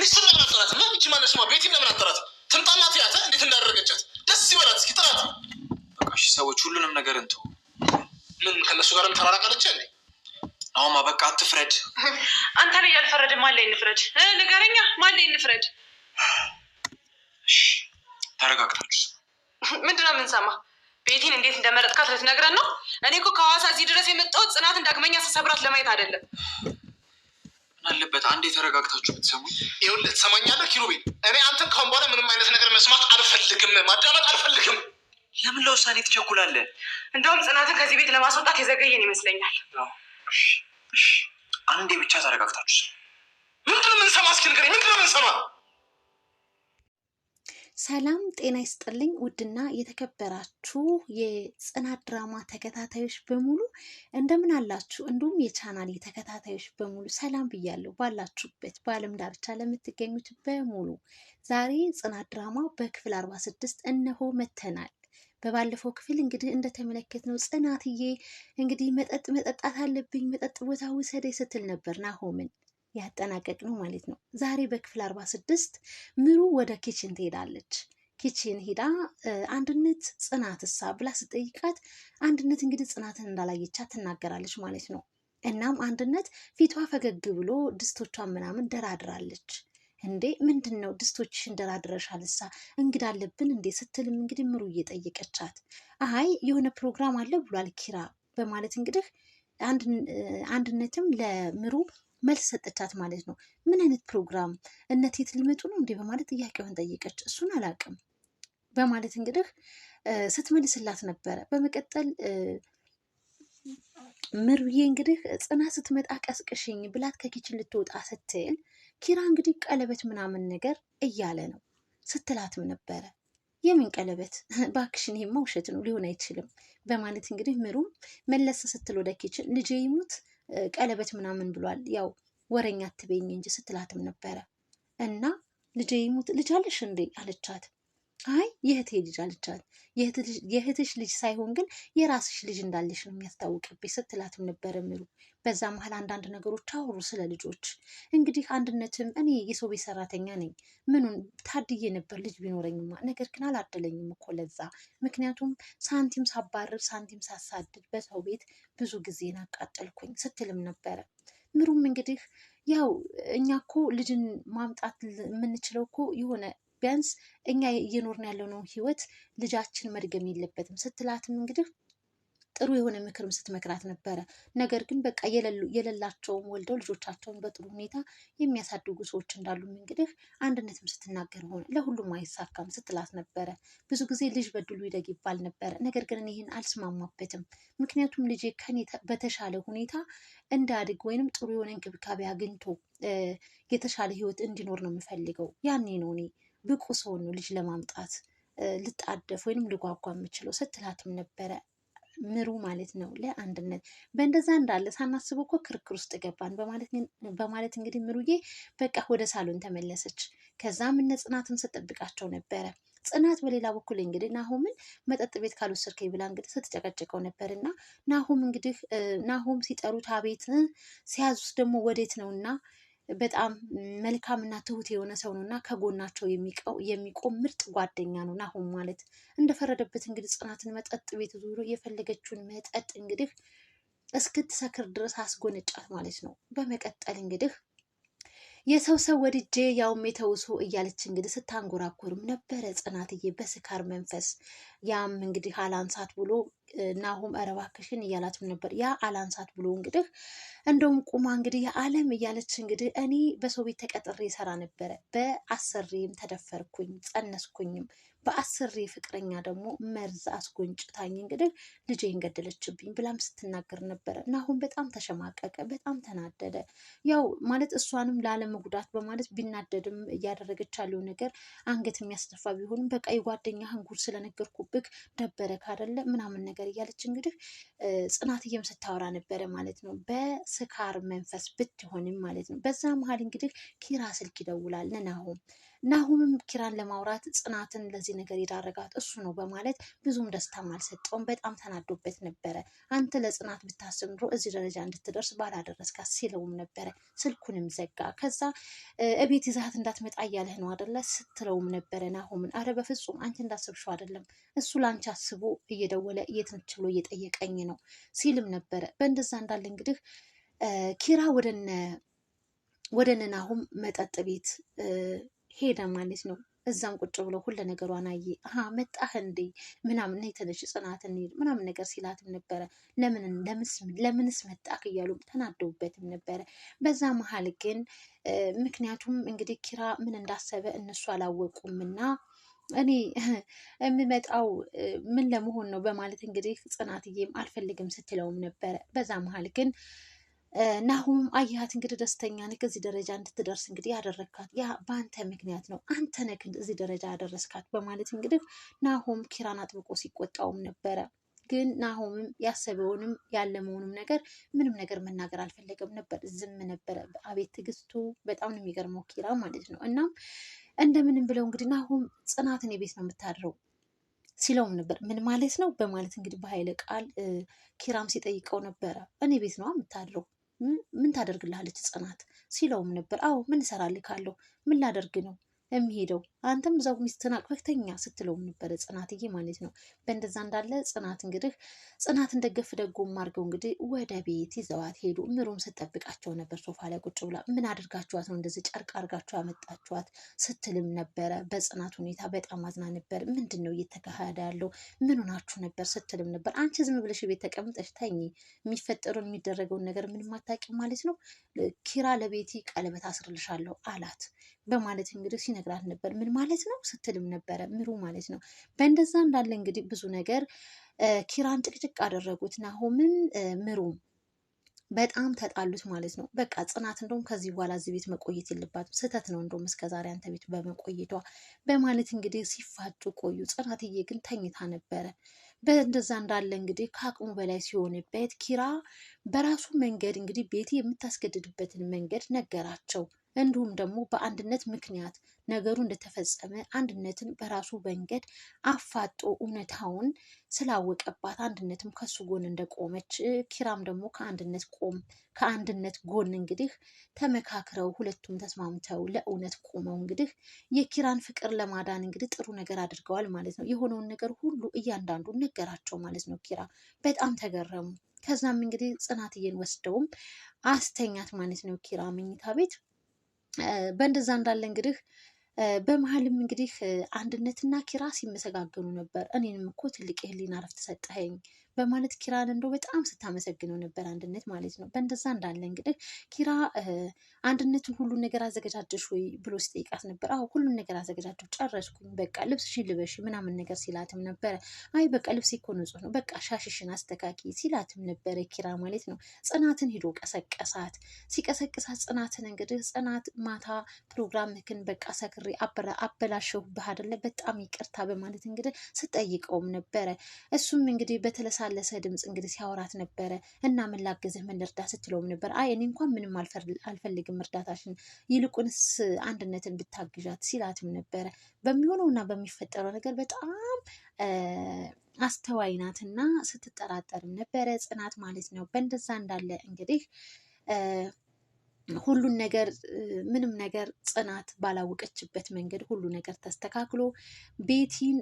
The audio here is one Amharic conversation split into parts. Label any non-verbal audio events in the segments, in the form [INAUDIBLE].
ሚስትም ለምን አጠራት? ምን እጅ ማነች? ቤቲም ለምን አጠራት? ትምጣና ያተ እንዴት እንዳደረገቻት ደስ ይበላት። እስኪ ጥራት። በቃ እሺ፣ ሰዎች ሁሉንም ነገር እንትው። ምን ከነሱ ጋርም ተራራቃለች እንዴ? አሁማ በቃ አትፍረድ። አንተ ላይ ያልፈረድ ማን ላይ እንፍረድ? ንገረኛ፣ ማን ላይ እንፍረድ? ተረጋግታችሁ ምንድነው የምንሰማ? ቤቲን እንዴት እንደመረጥካት ልትነግረን ነው? እኔ እኮ ከሐዋሳ እዚህ ድረስ የመጣሁት ጽናትን ዳግመኛ ስሰብራት ለማየት አይደለም። ምናለበት አንዴ ተረጋግታችሁ ብትሰሙኝ። ይኸውልህ ትሰማኛለህ ኪሩቤል፣ እኔ አንተን ካሁን በኋላ ምንም አይነት ነገር መስማት አልፈልግም፣ ማዳመጥ አልፈልግም። ለምን ለውሳኔ ትቸኩላለህ? እንደውም ጽናትን ከዚህ ቤት ለማስወጣት የዘገየን ይመስለኛል። አንዴ ብቻ ተረጋግታችሁ ምንድን ነው እስኪ ንገረኝ፣ ምንድን ነው ሰላም ጤና ይስጥልኝ። ውድና የተከበራችሁ የጽናት ድራማ ተከታታዮች በሙሉ እንደምን አላችሁ? እንዲሁም የቻናል ተከታታዮች በሙሉ ሰላም ብያለሁ። ባላችሁበት በዓለም ዳርቻ ለምትገኙት በሙሉ ዛሬ ጽናት ድራማ በክፍል አርባ ስድስት እነሆ መተናል። በባለፈው ክፍል እንግዲህ እንደተመለከትነው ጽናትዬ እንግዲህ መጠጥ መጠጣት አለብኝ መጠጥ ቦታ ውሰደኝ ስትል ነበር ናሆምን ያጠናቀቅ ነው ማለት ነው። ዛሬ በክፍል አርባ ስድስት ምሩ ወደ ኪችን ትሄዳለች። ኪችን ሄዳ አንድነት ጽናት እሳ ብላ ስጠይቃት አንድነት እንግዲህ ጽናትን እንዳላየቻት ትናገራለች ማለት ነው። እናም አንድነት ፊቷ ፈገግ ብሎ ድስቶቿን ምናምን ደራድራለች። እንዴ ምንድን ነው ድስቶችሽን ደራድረሻል? እሳ እንግዳ አለብን እንዴ ስትልም እንግዲህ ምሩ እየጠየቀቻት አይ የሆነ ፕሮግራም አለ ብሏል ኪራ በማለት እንግዲህ አንድነትም ለምሩ መልስ ሰጠቻት ማለት ነው። ምን አይነት ፕሮግራም እነቴት ሊመጡ ነው እንዴ በማለት ጥያቄውን ጠየቀች። እሱን አላውቅም በማለት እንግዲህ ስትመልስላት ነበረ። በመቀጠል ምሩዬ እንግዲህ ጽና ስትመጣ ቀስቅሽኝ ብላት ከኪችን ልትወጣ ስትል ኪራ እንግዲህ ቀለበት ምናምን ነገር እያለ ነው ስትላትም ነበረ። የምን ቀለበት ባክሽን፣ ይሄማ ውሸት ነው ሊሆን አይችልም በማለት እንግዲህ ምሩም መለስ ስትል ወደ ኪችን ልጄ ይሙት ቀለበት ምናምን ብሏል። ያው ወረኛ አትበይኝ እንጂ ስትላትም ነበረ እና ልጄ ይሙት ልጅ አለሽ እንዴ አለቻት። አይ የእህቴ ልጅ አለቻት። የእህትሽ ልጅ ሳይሆን ግን የራስሽ ልጅ እንዳለሽ ነው የሚያስታውቅብኝ ስትላትም ነበረ የሚሉ በዛ መሀል አንዳንድ ነገሮች አወሩ ስለ ልጆች። እንግዲህ አንድነትም እኔ የሰው ቤት ሰራተኛ ነኝ ምኑን ታድዬ ነበር ልጅ ቢኖረኝማ፣ ነገር ግን አላደለኝም እኮ ለዛ። ምክንያቱም ሳንቲም ሳባርር፣ ሳንቲም ሳሳድድ በሰው ቤት ብዙ ጊዜን አቃጠልኩኝ ስትልም ነበረ። ምሩም እንግዲህ ያው እኛ እኮ ልጅን ማምጣት የምንችለው እኮ የሆነ ቢያንስ እኛ እየኖርን ያለነው ህይወት ልጃችን መድገም የለበትም ስትላትም እንግዲህ ጥሩ የሆነ ምክርም ስትመክራት ነበረ። ነገር ግን በቃ የሌላቸውም ወልደው ልጆቻቸውን በጥሩ ሁኔታ የሚያሳድጉ ሰዎች እንዳሉም እንግዲህ አንድነትም ስትናገር ሆነ ለሁሉም አይሳካም ስትላት ነበረ። ብዙ ጊዜ ልጅ በድሉ ይደግ ይባል ነበረ። ነገር ግን ይህን አልስማማበትም። ምክንያቱም ልጄ ከኔ በተሻለ ሁኔታ እንዳድግ ወይንም ጥሩ የሆነ እንክብካቤ አግኝቶ የተሻለ ህይወት እንዲኖር ነው የምፈልገው። ያኔ ነው እኔ ብቁ ሰው ነው ልጅ ለማምጣት ልጣደፍ ወይንም ልጓጓ የምችለው ስትላትም ነበረ። ምሩ ማለት ነው ለአንድነት በእንደዛ እንዳለ ሳናስበው እኮ ክርክር ውስጥ ገባን በማለት እንግዲህ ምሩዬ በቃ ወደ ሳሎን ተመለሰች። ከዛም እነ ጽናትም ስጠብቃቸው ነበረ። ጽናት በሌላ በኩል እንግዲህ ናሆምን መጠጥ ቤት ካልወሰድከኝ ብላ እንግዲህ ስትጨቀጨቀው ነበር እና ናሆም እንግዲህ ናሆም ሲጠሩት አቤት ሲያዙስ ደግሞ ወዴት ነው እና በጣም መልካምና ትሁት የሆነ ሰው ነው እና ከጎናቸው የሚቆም ምርጥ ጓደኛ ነው ናሆም ማለት። እንደፈረደበት እንግዲህ ጽናትን መጠጥ ቤት ዙሮ የፈለገችውን መጠጥ እንግዲህ እስክትሰክር ድረስ አስጎነጫት ማለት ነው። በመቀጠል እንግዲህ የሰው ሰው ወድጄ ያውም የተውሶ እያለች እንግዲህ ስታንጎራጎርም ነበረ ጽናትዬ በስካር መንፈስ። ያም እንግዲህ አላንሳት ብሎ ናሁም ኧረ እባክሽን እያላትም ነበር። ያ አላንሳት ብሎ እንግዲህ እንደውም ቁማ እንግዲህ የዓለም እያለች እንግዲህ እኔ በሰው ቤት ተቀጥሬ ሰራ ነበረ፣ በአሰሪም ተደፈርኩኝ፣ ጸነስኩኝም በአስሬ ፍቅረኛ ደግሞ መርዝ አስጎንጭታኝ እንግዲህ ልጄን ገደለችብኝ ብላም ስትናገር ነበረ። እና አሁን በጣም ተሸማቀቀ፣ በጣም ተናደደ። ያው ማለት እሷንም ላለመጉዳት በማለት ቢናደድም እያደረገች ያለው ነገር አንገት የሚያስደፋ ቢሆንም በቃ የጓደኛ ጉድ ስለነገርኩብህ ደበረክ አይደለ ምናምን ነገር እያለች እንግዲህ ጽናትዬም ስታወራ ነበረ ማለት ነው። በስካር መንፈስ ብትሆንም ማለት ነው። በዛ መሀል እንግዲህ ኪራ ስልክ ይደውላል ለናሆም ናሁምም ኪራን ለማውራት ጽናትን ለዚህ ነገር የዳረጋት እሱ ነው በማለት ብዙም ደስታም አልሰጠውም። በጣም ተናዶበት ነበረ። አንተ ለጽናት ብታስብ ኑሮ እዚህ ደረጃ እንድትደርስ ባላደረስካት ሲለውም ነበረ። ስልኩንም ዘጋ። ከዛ እቤት ይዛት እንዳትመጣ እያለህ ነው አደለ ስትለውም ነበረ ናሁምን። አረ በፍጹም አንቺ እንዳሰብሽው አደለም፣ እሱ ለአንቺ አስቦ እየደወለ የት ነች ብሎ እየጠየቀኝ ነው ሲልም ነበረ። በእንደዛ እንዳለ እንግዲህ ኪራ ወደነ ወደ መጠጥ ቤት ሄደ ማለት ነው። እዛም ቁጭ ብሎ ሁለ ነገሯን አየ። አሀ መጣህ እንዴ ምናምን ነይ ተነሽ ጽናት እንሂድ ምናምን ነገር ሲላትም ነበረ። ለምንስ መጣህ እያሉ ተናደውበትም ነበረ። በዛ መሀል ግን ምክንያቱም እንግዲህ ኪራ ምን እንዳሰበ እነሱ አላወቁምና እኔ [LAUGHS] የምመጣው ምን ለመሆን ነው በማለት እንግዲህ ጽናትዬም አልፈልግም ስትለውም ነበረ። በዛ መሀል ግን ናሁም አያት እንግዲህ ደስተኛ ነህ እዚህ ደረጃ እንድትደርስ እንግዲህ ያደረግካት ያ በአንተ ምክንያት ነው፣ አንተ ነህ እዚህ ደረጃ ያደረስካት በማለት እንግዲህ ናሁም ኪራን አጥብቆ ሲቆጣውም ነበረ። ግን ናሁምም ያሰበውንም ያለመውንም ነገር ምንም ነገር መናገር አልፈለገም ነበር፣ ዝም ነበረ። አቤት ትዕግስቱ በጣም ነው የሚገርመው ኪራ ማለት ነው። እናም እንደምንም ብለው እንግዲህ ናሁም ጽናትን የቤት ቤት ነው የምታድረው ሲለውም ነበር። ምን ማለት ነው በማለት እንግዲህ በኃይለ ቃል ኪራም ሲጠይቀው ነበረ። እኔ ቤት ነው የምታድረው ምን ታደርግልሃለች ጽናት ሲለውም ነበር። አዎ ምን እሰራልካለሁ? ምን ላደርግ ነው? የሚሄደው አንተም እዛው ሚስትን አቅፈህ ተኛ ስትለውም ነበረ ጽናትዬ ማለት ነው። በእንደዛ እንዳለ ጽናት እንግዲህ ጽናትን ደገፍ ደጎ አድርገው እንግዲህ ወደ ቤት ይዘዋት ሄዱ። ምሩም ስጠብቃቸው ነበር ሶፋ ላይ ቁጭ ብላ። ምን አድርጋችኋት ነው እንደዚህ ጨርቅ አድርጋችሁ ያመጣችኋት ስትልም ነበረ። በጽናት ሁኔታ በጣም አዝና ነበር። ምንድን ነው እየተካሄደ ያለው? ምን ሆናችሁ ነበር ስትልም ነበር። አንቺ ዝም ብለሽ ቤት ተቀምጠሽ ተኝ፣ የሚፈጠረውን የሚደረገውን ነገር ምንም አታውቂም ማለት ነው። ኪራ ለቤቲ ቀለበት አስርልሻለሁ አላት። በማለት እንግዲህ ሲነግራት ነበር። ምን ማለት ነው ስትልም ነበረ ምሩ ማለት ነው። በእንደዛ እንዳለ እንግዲህ ብዙ ነገር ኪራን ጭቅጭቅ አደረጉት። ናሆምም ምሩም በጣም ተጣሉት ማለት ነው። በቃ ጽናት እንደውም ከዚህ በኋላ እዚህ ቤት መቆየት የለባትም ስህተት ነው እንደውም እስከዛሬ አንተ ቤት በመቆየቷ በማለት እንግዲህ ሲፋጩ ቆዩ። ጽናትዬ ግን ተኝታ ነበረ። በእንደዛ እንዳለ እንግዲህ ከአቅሙ በላይ ሲሆንበት ኪራ በራሱ መንገድ እንግዲህ ቤቴ የምታስገድድበትን መንገድ ነገራቸው። እንዲሁም ደግሞ በአንድነት ምክንያት ነገሩ እንደተፈጸመ አንድነትን በራሱ መንገድ አፋጦ እውነታውን ስላወቀባት አንድነትም ከሱ ጎን እንደቆመች ኪራም ደግሞ ከአንድነት ቆም ከአንድነት ጎን እንግዲህ ተመካክረው ሁለቱም ተስማምተው ለእውነት ቆመው እንግዲህ የኪራን ፍቅር ለማዳን እንግዲህ ጥሩ ነገር አድርገዋል ማለት ነው። የሆነውን ነገር ሁሉ እያንዳንዱ ነገራቸው ማለት ነው። ኪራ በጣም ተገረሙ። ከዛም እንግዲህ ጽናትዬን ወስደውም አስተኛት ማለት ነው ኪራ መኝታ ቤት በእንደዛ እንዳለ እንግዲህ በመሀልም እንግዲህ አንድነትና ኪራ ሲመሰጋገኑ ነበር። እኔንም እኮ ትልቅ የህሊና እረፍት ሰጠኸኝ በማለት ኪራን እንደው በጣም ስታመሰግነው ነበር አንድነት ማለት ነው። በእንደዛ እንዳለ እንግዲህ ኪራ አንድነትን ሁሉን ነገር አዘገጃጀሽ ወይ ብሎ ሲጠይቃት ነበር። አዎ ሁሉን ነገር አዘገጃጀሁ ጨረስኩኝ፣ በቃ ልብስሽን ልበሽ ምናምን ነገር ሲላትም ነበረ። አይ በቃ ልብስ እኮ ንጹህ ነው፣ በቃ ሻሽሽን አስተካኪ ሲላትም ነበረ ኪራ ማለት ነው። ጽናትን ሂዶ ቀሰቀሳት። ሲቀሰቅሳት ጽናትን እንግዲህ ጽናት ማታ ፕሮግራምህን በቃ ሰክሬ አበላሸሁብህ አይደለ በጣም ይቅርታ በማለት እንግዲህ ስጠይቀውም ነበረ እሱም እንግዲህ በተለሳ በለሰለሰ ድምፅ እንግዲህ ሲያወራት ነበረ። እና ምን ላግዝህ፣ ምን ልርዳ ስትለውም ነበር። አይ እኔ እንኳን ምንም አልፈልግም እርዳታሽን፣ ይልቁንስ አንድነትን ብታግዣት ሲላትም ነበረ። በሚሆነው እና በሚፈጠረው ነገር በጣም አስተዋይ ናትና ስትጠራጠርም ነበረ ጽናት ማለት ነው። በእንደዛ እንዳለ እንግዲህ ሁሉን ነገር ምንም ነገር ጽናት ባላወቀችበት መንገድ ሁሉ ነገር ተስተካክሎ ቤቲን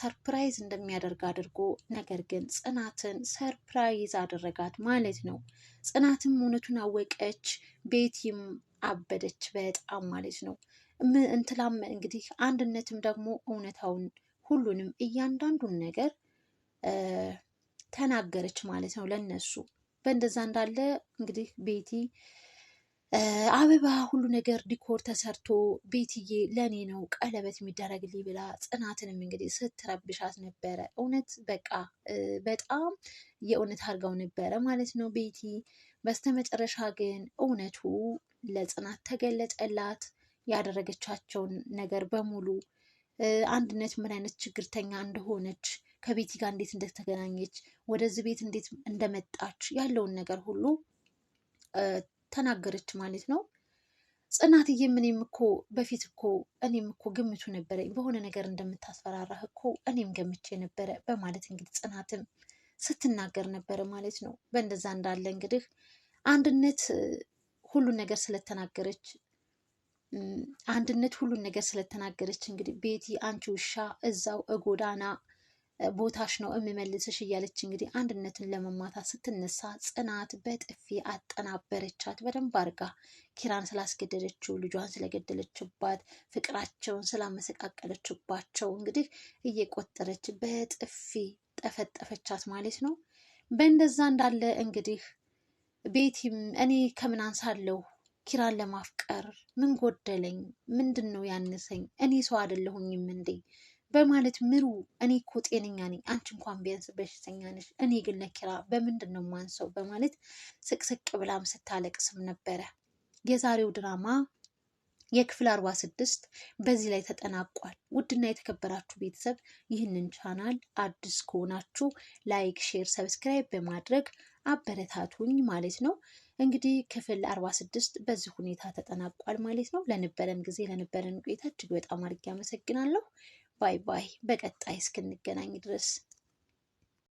ሰርፕራይዝ እንደሚያደርግ አድርጎ ነገር ግን ጽናትን ሰርፕራይዝ አደረጋት ማለት ነው። ጽናትም እውነቱን አወቀች፣ ቤቲም አበደች በጣም ማለት ነው። እንትላም እንግዲህ አንድነትም ደግሞ እውነታውን ሁሉንም እያንዳንዱን ነገር ተናገረች ማለት ነው ለነሱ በእንደዛ እንዳለ እንግዲህ ቤቲ አበባ ሁሉ ነገር ዲኮር ተሰርቶ ቤትዬ ለእኔ ነው ቀለበት የሚደረግልኝ ብላ ጽናትንም እንግዲህ ስትረብሻት ነበረ። እውነት በቃ በጣም የእውነት አድርገው ነበረ ማለት ነው ቤቲ። በስተመጨረሻ ግን እውነቱ ለጽናት ተገለጠላት። ያደረገቻቸውን ነገር በሙሉ አንድነት ምን አይነት ችግርተኛ እንደሆነች ከቤቲ ጋር እንዴት እንደተገናኘች ወደዚህ ቤት እንዴት እንደመጣች ያለውን ነገር ሁሉ ተናገረች ማለት ነው። ጽናትዬም እኔም እኮ በፊት እኮ እኔም እኮ ግምቱ ነበረኝ በሆነ ነገር እንደምታስፈራራህ እኮ እኔም ገምቼ ነበረ በማለት እንግዲህ ጽናትም ስትናገር ነበረ ማለት ነው። በእንደዛ እንዳለ እንግዲህ አንድነት ሁሉን ነገር ስለተናገረች አንድነት ሁሉን ነገር ስለተናገረች እንግዲህ ቤቲ አንቺ ውሻ እዛው እጎዳና ቦታሽ ነው የምመልስሽ እያለች እንግዲህ አንድነትን ለመማታት ስትነሳ ጽናት በጥፊ አጠናበረቻት። በደንብ አርጋ ኪራን ስላስገደለችው፣ ልጇን ስለገደለችባት፣ ፍቅራቸውን ስላመሰቃቀለችባቸው እንግዲህ እየቆጠረች በጥፊ ጠፈጠፈቻት ማለት ነው። በእንደዛ እንዳለ እንግዲህ ቤቲም እኔ ከምን አንሳለሁ ኪራን ለማፍቀር ምን ጎደለኝ? ምንድን ነው ያነሰኝ? እኔ ሰው አይደለሁኝም እንዴ? በማለት ምሩ እኔ እኮ ጤነኛ ነኝ፣ አንቺ እንኳን ቢያንስ በሽተኛ ነሽ፣ እኔ ግን ለኪራ በምንድን ነው ማንሰው? በማለት ስቅስቅ ብላም ስታለቅስም ነበረ። የዛሬው ድራማ የክፍል አርባ ስድስት በዚህ ላይ ተጠናቋል። ውድና የተከበራችሁ ቤተሰብ ይህንን ቻናል አዲስ ከሆናችሁ ላይክ፣ ሼር፣ ሰብስክራይብ በማድረግ አበረታቱኝ ማለት ነው። እንግዲህ ክፍል አርባ ስድስት በዚህ ሁኔታ ተጠናቋል ማለት ነው። ለነበረን ጊዜ ለነበረን ቆይታ እጅግ በጣም አድርጌ አመሰግናለሁ። ባይ ባይ። በቀጣይ እስክንገናኝ ድረስ